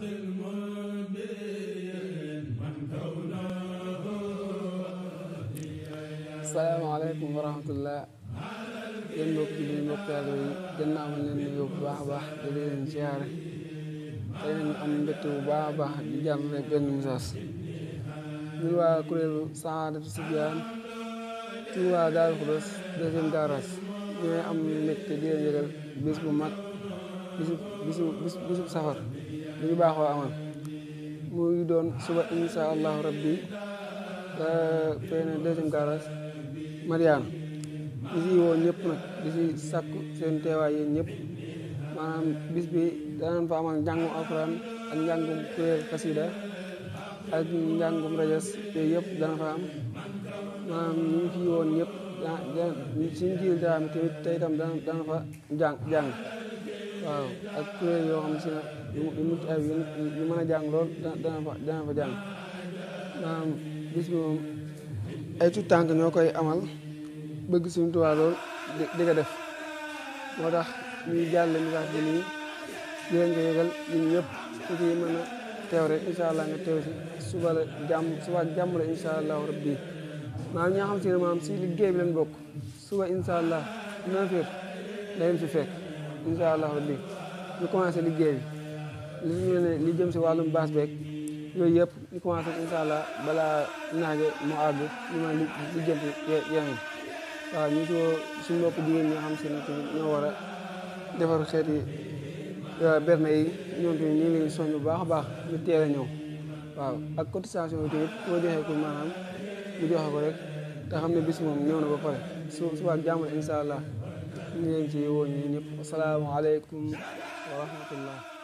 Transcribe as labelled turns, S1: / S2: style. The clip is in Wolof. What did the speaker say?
S1: asalaamaaleykum wa rahmatullah yéen mbokk yi mbokk taal yi gannaaw ma leen nuyoo baax baax di leen siyaare tey am mbégte bu baax baax di jàllale benn message ñun waa kuréelu Saadatu Sibiyaan ci waa Daaru Xudoos deuxième daaraas ñooy am mbégte di leen yëgal bis bu mag bisu bisu bisu safar li ñu baaxoo amal mu ngi doon suba insha allahu rabbi fene eh, deuxième garage Mariana di si woo ñëpp nag di si sàkku seen teewaay yéen ñëpp maanaam bis bi danañ fa amal njàngum alxuraan ak njàngum kuréel kasida ak njàngum rajas yooyu yëpp dana fa am maanaam ñu fi woon ñëpp dana dana suñu jiil itam dana fa jàng waaw ak kuréel yoo xam si ne yu mucc mën a jàng lool dana fa dana fa jàng maanaam bis moom ay tout tànk ñoo koy amal bëgg suñu Tuubaa lool di ko def moo tax ñuy jàlle message bi nii di leen ko yëgal ñun ñëpp ku ci mën nga teew si suba la jàmm la incha allah rabbi maanaam ñi xam si ne maanaam si liggéey bi leen bokk suba incha allah neuf heures day fi fekk incha allahu lii ñu commencé liggéey bi li ñu jëm si wàllum baas beeg yooyu yëpp ñu commencé incha allah balaa naaje mu àgg ñu mën li jëm si waaw ñu soo suñu mbokk jigéen ñoo xam si ne tamit defar xeeti euh, berne yi ñoom tamit ñu ngi leen soñ bu baax a baax ñu teel a ñëw waaw ak cotisation yi tamit boo joxee ko maanaam ñu joxe ko rek te xam ne bis moom ñëw na ba pare su suba jàmm incha allah السلام عليكم ورحمه الله